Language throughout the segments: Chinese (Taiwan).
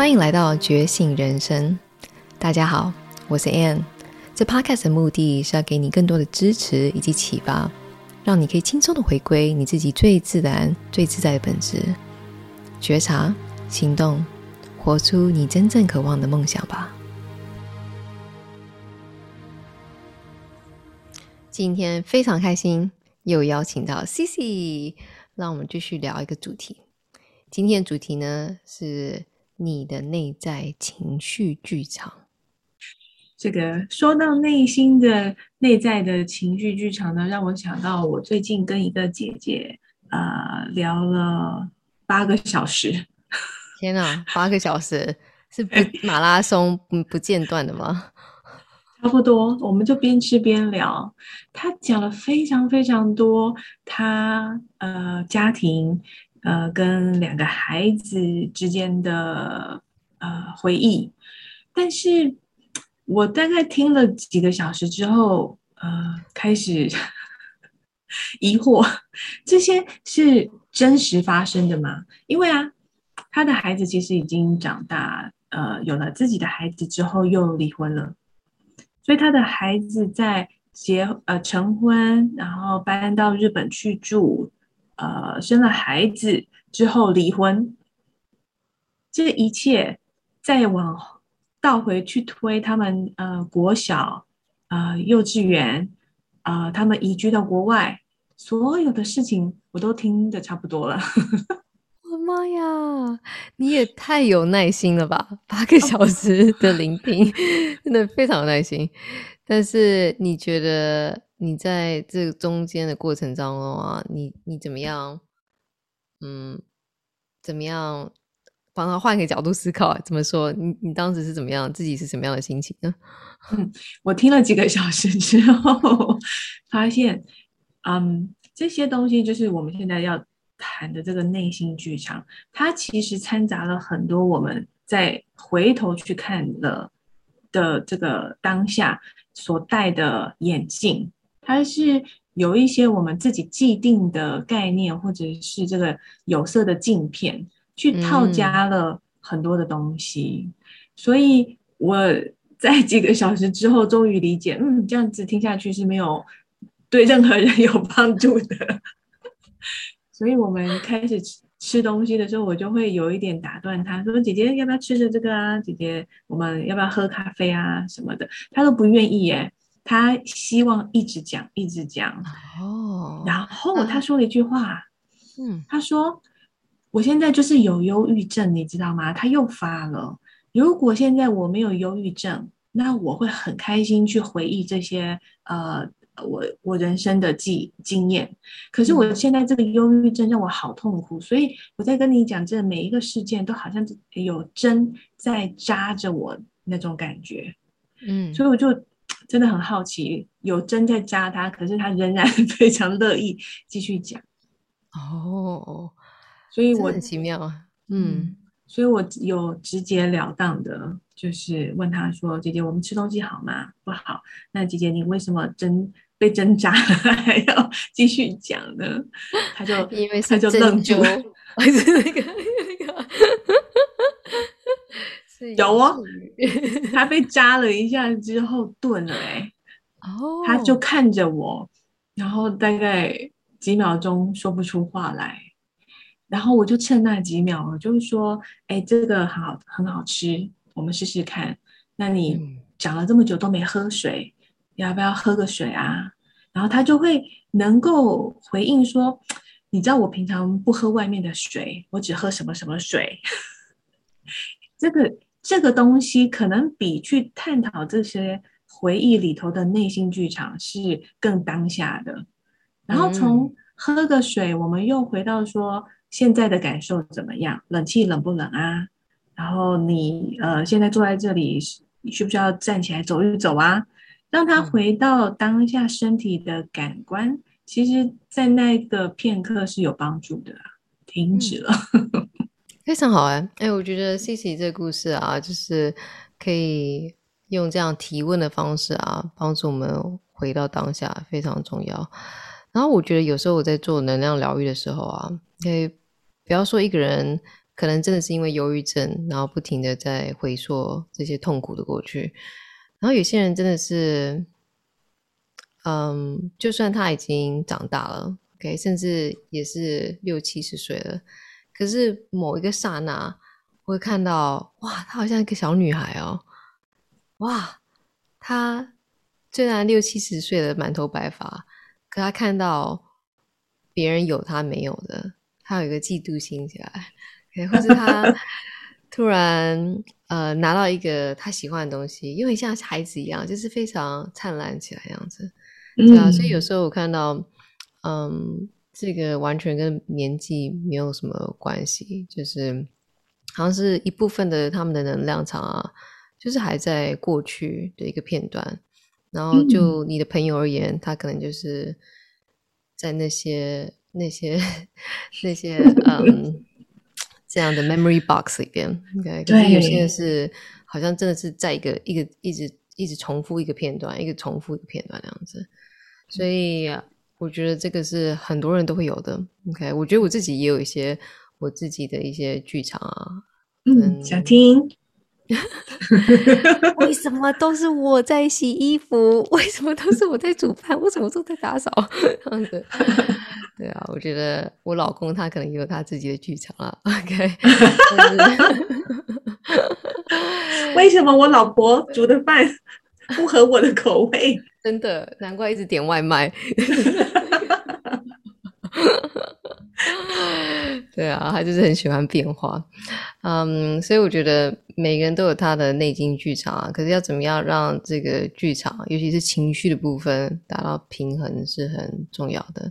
歡迎來到覺醒人生，大家好，我是 Ann。這 Podcast 的目的是要給你更多的支持以及啟發，讓你可以輕鬆的回歸你自己最自然、最自在的本質，覺察、行動，活出你真正渴望的夢想吧。今天非常開心，又邀請到 Cici，讓我們繼續聊一個主題。今天的主題呢是，你的內在情緒劇場，這個說到內心的、內在的情緒劇場呢，讓我想到我最近跟一個姐姐啊、呃、聊了八個小時。天哪、啊，八個小時 是不馬拉松不 不間斷的嗎？差不多，我們就邊吃邊聊，她講了非常非常多，她呃家庭。呃，跟兩個孩子之間的呃回憶，但是我大概聽了幾個小時之後，呃，開始呵呵疑惑，這些是真實發生的嗎？因為啊，他的孩子其實已經長大，呃，有了自己的孩子之後又離婚了，所以他的孩子在結呃成婚，然後搬到日本去住。呃，生了孩子之後離婚，這一切再往倒回去推，他們呃，國小啊、呃，幼稚園啊、呃，他們移居到國外，所有的事情我都聽得差不多了。我的媽呀，你也太有耐心了吧！八個小時的聆聽，oh. 真的非常有耐心。但是你覺得？你在這中間的過程中啊，你你怎麼樣？嗯，怎麼樣？把它換個角度思考，啊，怎麼說？你你當時是怎麼樣？自己是什麼樣的心情呢？哼，我聽了幾個小時之後，發現，嗯，這些東西就是我們現在要談的這個內心劇場，它其實摻雜了很多我們在回頭去看了的，的這個當下所戴的眼鏡。它是有一些我們自己既定的概念，或者是這個有色的鏡片，去套加了很多的東西。嗯、所以我在幾個小時之後終於理解，嗯，這樣子聽下去是沒有對任何人有幫助的。 所以我們開始吃吃東西的時候，我就會有一點打斷他說：“姐姐要不要吃着這個啊？姐姐我們要不要喝咖啡啊什麼的？”他都不願意耶。他希望一直講，一直講。哦，oh, 然後他說了一句話，嗯，他說：“我現在就是有憂鬱症，你知道嗎？”他又發了，如果現在我沒有憂鬱症，那我會很開心去回憶這些呃，我我人生的記經驗。可是我現在這個憂鬱症讓我好痛苦，嗯、所以我在跟你講，這每一個事件都好像有針在扎着我那種感覺。嗯，所以我就。真的很好奇，有針在扎他，可是他仍然非常樂意繼續講。哦，所以我很奇妙啊。嗯，所以我有直截了當的，就是問他說：“姐姐，我們吃東西好嗎？不好。那姐姐，你為什麼針被針扎了還要繼續講呢？”他就 因為是他就愣住了還是那個。對有哦，他被扎了一下之後頓了哎，哦、他就看着我，然後大概幾秒鐘說不出話來，然後我就趁那幾秒，我就說，哎，這個好，很好吃，我們試試看。那你講了這麼久都沒喝水，嗯、要不要喝個水啊？然後他就會能夠回應說，你知道我平常不喝外面的水，我只喝什麼什麼水，這個。這個東西可能比去探討這些回憶裡頭的內心劇場是更當下的。然後從喝個水，我們又回到說現在的感受怎麼樣？冷氣冷不冷啊？然後你呃現在坐在這裡，你需不需要站起來走一走啊？讓他回到當下身體的感官，其實在那個片刻是有幫助的啊。停止了、嗯。 非常好哎、欸，哎、欸，我覺得 C C 這個故事啊，就是可以用這樣提問的方式啊，幫助我們回到當下，非常重要。然後我覺得有時候我在做能量療癒的時候啊，可以、欸、不要說一個人可能真的是因為憂鬱症，然後不停的在回溯這些痛苦的過去，然後有些人真的是，嗯，就算他已經長大了，OK，甚至也是六七十歲了。可是某一個剎那，我會看到哇，她好像一個小女孩哦、喔，哇，她雖然六七十歲的滿頭白髮，可她看到別人有她沒有的，她有一個嫉妒心起來。或者她突然 呃拿到一個她喜歡的東西，因為像孩子一樣，就是非常燦爛起來樣子。嗯、對啊，所以有時候我看到，嗯。這個完全跟年紀沒有什麼關係，就是好像是一部分的他們的能量場啊，就是還在過去的一個片段。然後就你的朋友而言，嗯、他可能就是在那些那些 那些嗯、um, 這樣的 memory box 裡邊。對、okay？有些是對好像真的是在一個一個一直一直重複一個片段，一直重複一個片段這樣子，所以。嗯我覺得這個是很多人都會有的。OK，我覺得我自己也有一些我自己的一些劇場啊。嗯，想聽？ 為什麼都是我在洗衣服？為什麼都是我在煮飯？我什麼時候在打掃？這樣子。對啊，我覺得我老公他可能也有他自己的劇場啊。OK。 為什麼我老婆煮的飯不合我的口味？真的，難怪一直點外賣。 對啊，他就是很喜歡變化。嗯，um，所以我覺得每個人都有他的內心劇場，啊，可是要怎麼樣讓這個劇場，尤其是情緒的部分，達到平衡是很重要的。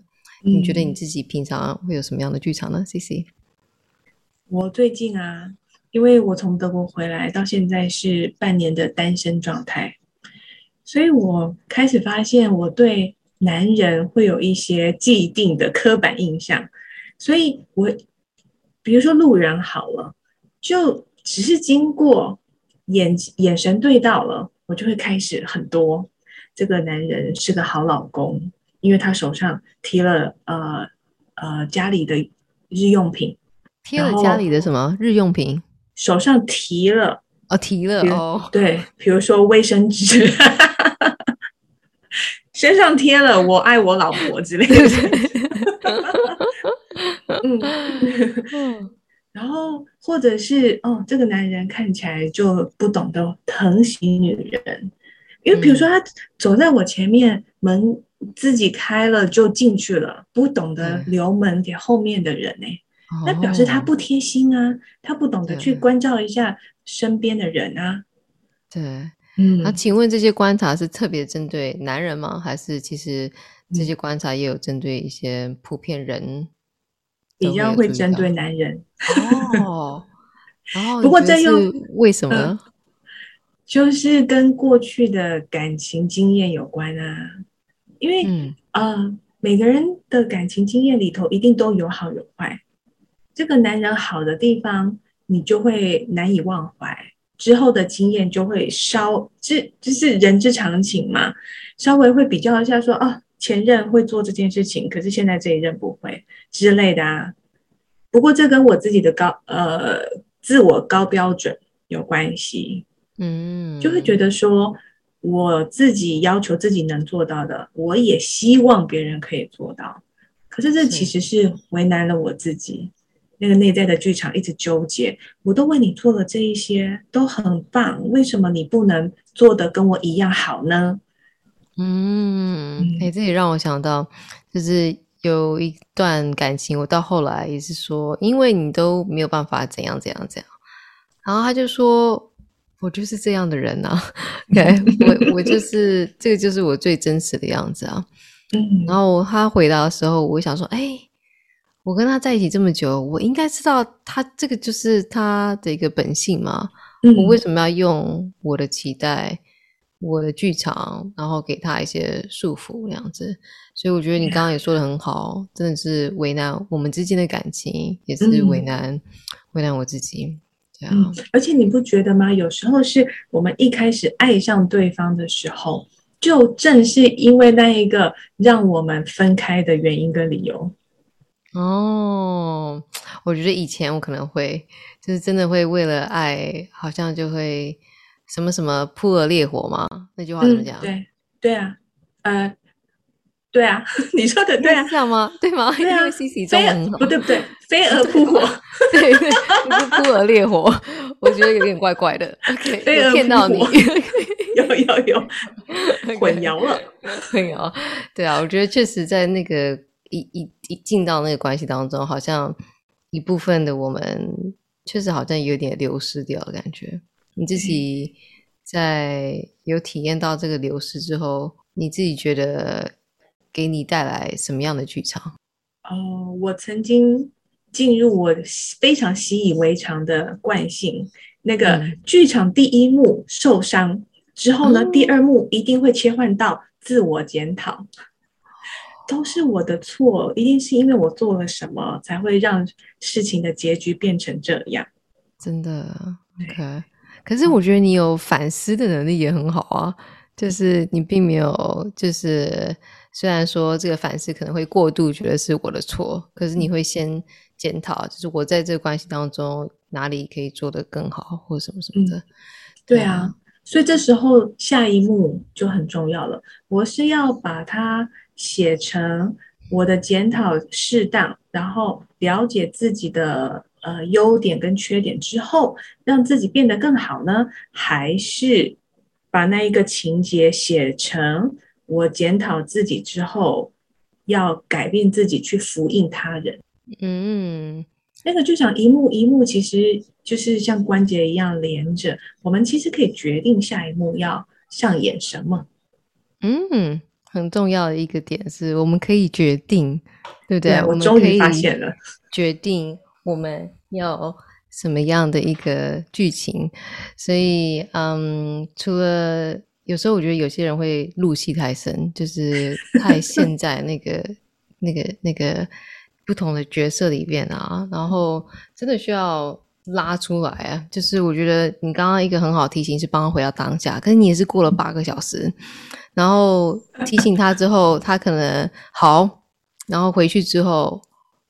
嗯，你覺得你自己平常會有什麼樣的劇場呢？CC，我最近啊，因為我從德國回來，到現在是半年的單身狀態。所以我開始發現，我對男人會有一些既定的刻板印象。所以我，比如說路人好了，就只是經過眼眼神對到了，我就會開始很多這個男人是個好老公，因為他手上提了呃呃家裡的日用品，然後提了提了家裡的什麼日用品？手上提了，哦提了哦，對，比如說衛生紙。 身上貼了“我愛我老婆”之類的東西 嗯 然後或者是哦，這個男人看起來就不懂得疼惜女人，因為比如說他走在我前面，嗯、門自己開了就進去了，不懂得留門給後面的人呢、欸，嗯、那表示他不貼心啊，他不懂得去關照一下身邊的人啊，對。對那、啊、請問這些觀察是特別針對男人嗎？還是其實這些觀察也有針對一些普遍人？比較會針對男人哦。然後、 哦，不過這又為什麼？嗯、就是跟過去的感情經驗有關啊。因為，嗯、呃，每個人的感情經驗裡頭一定都有好有壞。這個男人好的地方，你就會難以忘懷。之後的經驗就會稍，這這是人之常情嘛，稍微會比較一下說，啊，前任會做這件事情，可是現在這一任不會之類的啊。不過這跟我自己的高，呃，自我高標準有關係，嗯，就會覺得說，我自己要求自己能做到的，我也希望別人可以做到，可是這其實是為難了我自己。那個內在的劇場一直糾結，我都為你做了這一些，都很棒，為什麼你不能做得跟我一樣好呢？嗯，哎、欸，這也讓我想到，就是有一段感情，我到後來也是說，因為你都沒有辦法怎樣怎樣怎樣，然後他就說，我就是這樣的人啊，OK， 我我就是這個就是我最真實的樣子啊。嗯，然後他回答的時候，我想說，哎、欸。我跟他在一起這麼久，我應該知道他這個就是他的一個本性嘛。嗯，我為什麼要用我的期待、我的劇場，然後給他一些束縛這樣子？所以我覺得你剛剛也說的很好，嗯，真的是為難我們之間的感情，也是為難，嗯，為難我自己。這樣，而且你不覺得嗎？有時候是我們一開始愛上對方的時候，就正是因為那一個讓我們分開的原因跟理由。哦，我覺得以前我可能會就是真的會為了愛，好像就會什麼什麼撲而烈火嗎？那句話怎麼講？嗯、對對啊，呃，對啊，你說的對啊這樣嗎？對嗎？對啊、因為 Cici 中文不對不對，飛蛾撲火，對對，撲而烈火，我覺得有點怪怪的。OK，飛蛾見到你，有有有，混淆了，混淆，okay, 對啊，我覺得確實在那個。一一一進到那個關係當中，好像一部分的我們確實好像有點流失掉的感覺。你自己在有體驗到這個流失之後，你自己覺得給你帶來什麼樣的劇場？哦，我曾經進入我非常習以為常的慣性，那個劇場第一幕受傷，嗯，之後呢，嗯，第二幕一定會切換到自我檢討。都是我的錯，一定是因為我做了什麼才會讓事情的結局變成這樣。真的對，OK。可是我覺得你有反思的能力也很好啊，就是你並沒有，就是、嗯、雖然說這個反思可能會過度覺得是我的錯，可是你會先檢討，嗯、就是我在這個關係當中哪裡可以做得更好，或什麼什麼的。嗯、對啊，對啊，所以這時候下一幕就很重要了，我是要把它。寫成我的檢討適當，然後了解自己的呃優點跟缺點之後，讓自己變得更好呢，還是把那一個情節寫成我檢討自己之後要改變自己去服膺他人？嗯，那個就像一幕一幕，其實就是像關節一樣連着，我們其實可以決定下一幕要上演什麼。嗯。很重要的一個點是我們可以決定，對不對？對，我終於發現了，決定我們要什麼樣的一個劇情。所以，嗯，除了有時候我覺得有些人會入戲太深，就是太陷在、那個、 那個、那個、那個不同的角色裡邊啊，然後真的需要拉出來啊。就是我覺得你剛剛一個很好的提醒是幫他回到當下，可是你也是過了八個小時。然後提醒他之後， 他可能好。然後回去之後，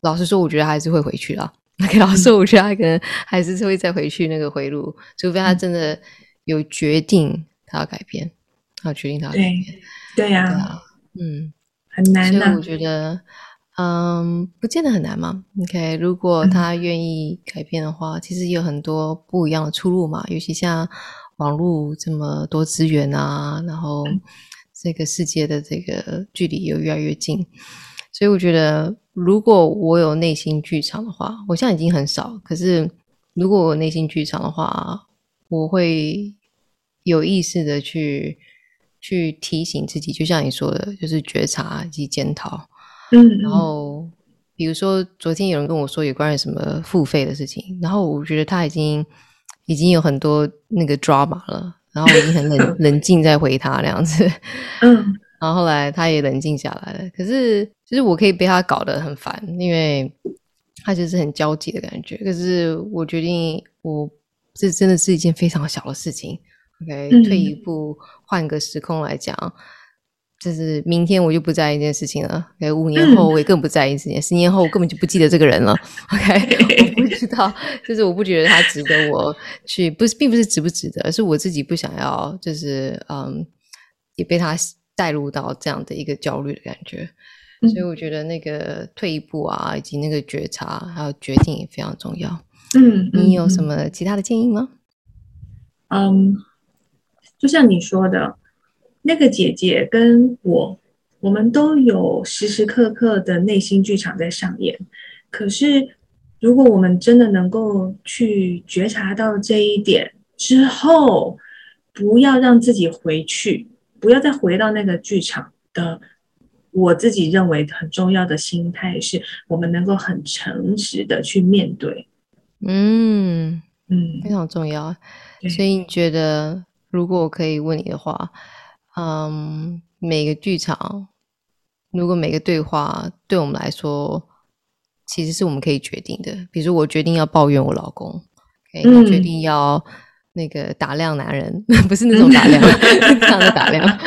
老實說，我覺得還是會回去的。OK，老實說，我覺得他可能還是會再回去那個回路，嗯、除非他真的有決定他要改變，嗯、他有決定他要改變。對，呀、啊，嗯，很難、啊。所以我覺得，嗯，不見得很難嘛。OK，如果他願意改變的話，嗯、其實有很多不一樣的出路嘛。尤其像網絡這麼多資源啊，然後、嗯。這個世界的這個距離又越來越近，所以我覺得，如果我有內心劇場的話，我現在已經很少。可是，如果我內心劇場的話，我會有意識的去去提醒自己，就像你說的，就是覺察以及檢討。嗯，嗯，然後比如說，昨天有人跟我說有關於什麼付費的事情，然後我覺得他已經已經有很多那個抓馬了。 然後我已經很冷冷靜在回他那樣子，嗯，然後後來他也冷靜下來了。可是，其實我可以被他搞得很煩，因為他就是很焦急的感覺。可是我決定，我這真的是一件非常小的事情。OK，退一步，換個時空來講。就是明天我就不在意這件事情了。Okay? 五年後我也更不在意這件事情，嗯、十年後我根本就不記得這個人了。OK， 我不知道，就是我不覺得他值得我去，不是，並不是值不值得，而是我自己不想要，就是嗯，也被他帶入到這樣的一個焦慮的感覺。嗯、所以我覺得那個退一步啊，以及那個覺察，還有決定也非常重要。嗯，你有什麼其他的建議嗎？嗯，就像你說的。那個姐姐跟我，我們都有時時刻刻的內心劇場在上演。可是，如果我們真的能夠去覺察到這一點之後，不要讓自己回去，不要再回到那個劇場的，我自己認為很重要的心態，是我們能夠很誠實的去面對。嗯嗯，非常重要。嗯、所以，你覺得，對如果我可以問你的話？嗯，um, 每個劇場，如果每個對話對我們來說，其實是我們可以決定的。比如，我決定要抱怨我老公，okay? 嗯，我決定要那個打量男人， 不是那種打量，這樣 的打量。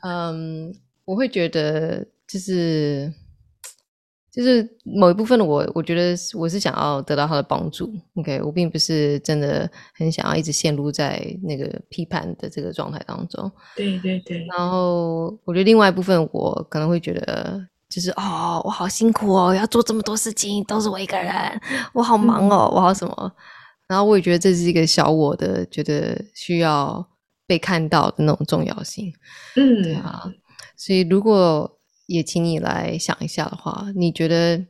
嗯，okay? um, 我會覺得就是。就是某一部分的我，我覺得我是想要得到他的幫助，OK，我並不是真的很想要一直陷入在那個批判的這個狀態當中。對對對。然後我覺得另外一部分，我可能會覺得，就是哦，我好辛苦哦，要做這麼多事情，都是我一個人，我好忙哦，嗯、我好什麼。嗯、然後我也覺得這是一個小我的覺得需要被看到的那種重要性。嗯，對啊。所以如果。也請你來想一下的話，你覺得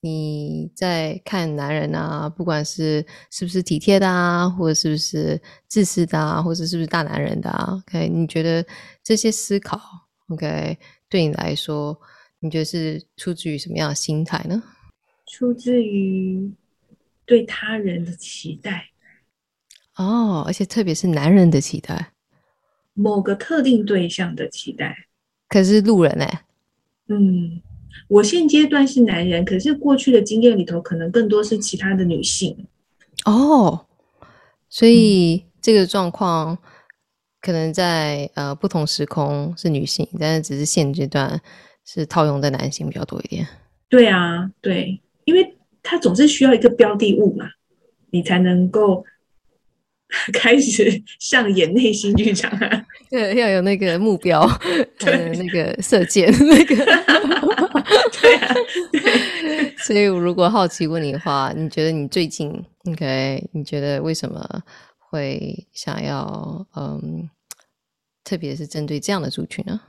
你在看男人啊，不管是是不是體貼的啊，或者是不是自私的啊，或者是不是大男人的啊？OK，你覺得這些思考，OK，對你來說，你覺得是出自於什麼樣的心態呢？出自於對他人的期待。哦，而且特別是男人的期待，某個特定對象的期待。可是路人哎、欸。嗯，我現階段是男人，可是過去的經驗裡頭可能更多是其他的女性哦，所以這個狀況、嗯、可能在呃不同時空是女性，但是只是現階段是套用在男性比較多一點。對啊，對，因為他總是需要一個標的物嘛，你才能夠。開始上演內心劇場。對、啊，要有那個目標，呃 對，有那個射箭，那個。對啊。對所以，如果好奇問你的話，你覺得你最近 OK？你覺得為什麼會想要嗯？特別是針對這樣的族群呢？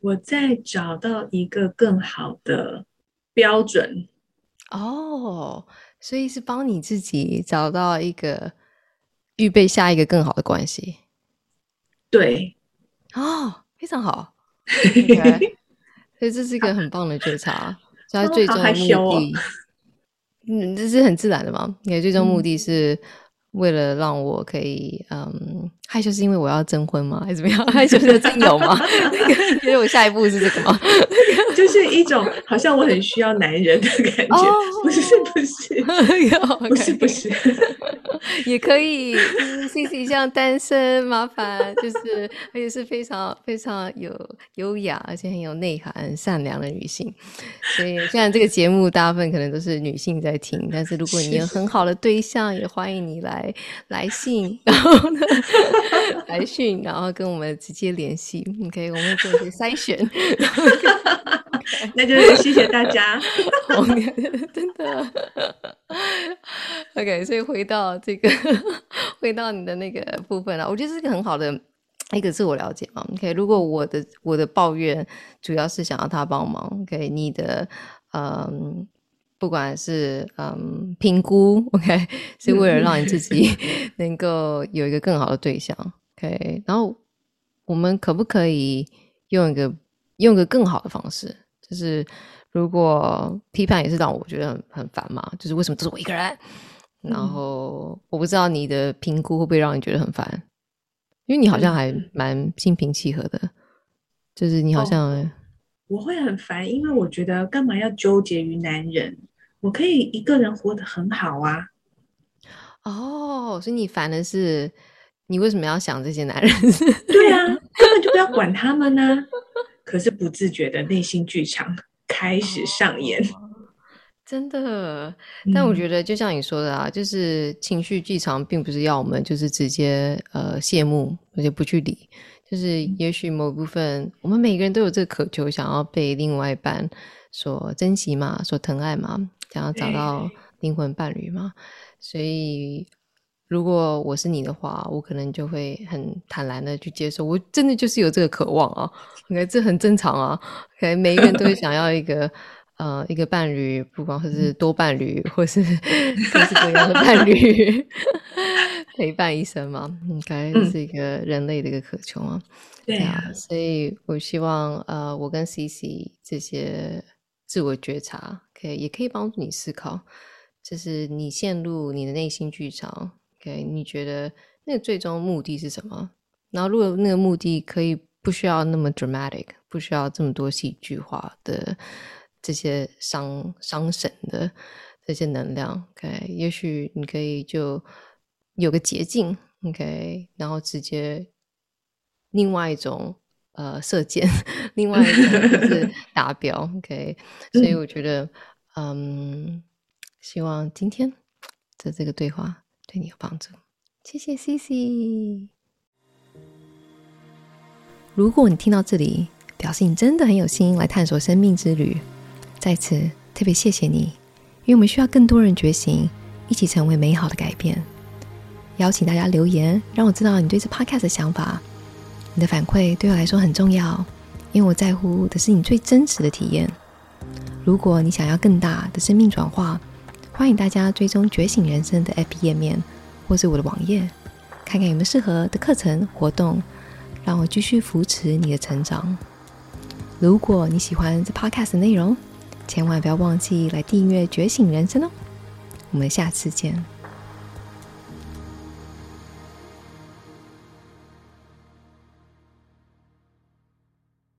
我在找到一個更好的標準。哦，oh, 所以是幫你自己找到一個。預備下一個更好的關係，對，哦，非常好，okay. 所以這是一個很棒的覺察。啊、所以最終目的，哦、嗯，這是很自然的嘛？你，okay, 的最終目的是。嗯為了讓我可以，嗯，害羞是因為我要徵婚嗎？還是怎麼樣？害羞是徵友嗎？因為我下一步是這個嗎？ 就是一種好像我很需要男人的感覺，不是、oh, oh, oh. 不是，不是 Okay. 不是， 也可以，謝謝像單身麻煩，就是而且是非常非常有優雅，而且很有內涵、善良的女性。所以雖然這個節目大部分可能都是女性在聽，但是如果你有很好的對象，是也歡迎你來。來信，然後呢？ 來信，然後跟我們直接聯繫 ，OK，我們做一些篩選。那就是謝謝大家， 真的。OK，所以回到這個，回到你的那個部分了。我覺得這是一個很好的一個自我了解嘛。OK，如果我的我的抱怨主要是想要他幫忙，OK，你的嗯。不管是嗯、um, 評估，OK，是為了讓你自己能夠有一個更好的對象，OK。然後我們可不可以用一個用一個更好的方式？就是如果批判也是讓我覺得很很煩嘛，就是為什麼這是我一個人？嗯、然後我不知道你的評估會不會讓你覺得很煩，因為你好像還蠻心平氣和的，就是你好像、哦、我會很煩，因為我覺得幹嘛要糾結於男人？我可以一個人活得很好啊！哦，oh, 所以你煩的是你為什麼要想這些男人是不是？對啊，根本就不要管他們呢、啊。 可是不自覺的內心劇場開始上演，oh, wow. 真的。但我覺得，就像你說的啊，嗯、就是情緒劇場並不是要我們就是直接呃謝幕，而且不去理。就是也許某部分，我們每個人都有這個渴求，想要被另外一半所珍惜嘛，所疼愛嘛。想要找到靈魂伴侶嘛？對所以，如果我是你的話，我可能就會很坦然的去接受。我真的就是有這個渴望啊！OK，這很正常啊，可能、okay, 每一個人都會想要一個 呃一個伴侶，不管是多伴侶，或是各式各樣的伴侶 陪伴一生嘛？應、okay, 該、嗯、是一個人類的一個渴求啊！對啊，所以我希望呃，我跟 CC 這些自我覺察。Okay, 也可以幫助你思考，就是你陷入你的內心劇場。OK，你覺得那個最終目的是什麼？然後，如果那個目的可以不需要那麼 dramatic，不需要這麼多戲劇化的這些傷傷神的這些能量，OK，也許你可以就有個捷徑，OK，然後直接另外一種呃射箭， 另外一種就是達標。okay, 所以我覺得。 嗯，um, 希望今天的這個對話對你有幫助。謝謝 C C。如果你聽到這裡，表示你真的很有心來探索生命之旅，在此特別謝謝你，因為我們需要更多人覺醒，一起成為美好的改變。邀請大家留言，讓我知道你對這 podcast 的想法，你的反饋對我來說很重要，因為我在乎的是你最真實的體驗。如果你想要更大的生命轉化，歡迎大家追蹤《覺醒人生》的 APP 頁面，或是我的網頁，看看有沒有適合的課程活動，讓我繼續扶持你的成長。如果你喜歡這 Podcast 的內容，千萬不要忘記來訂閱《覺醒人生》哦！我們下次見。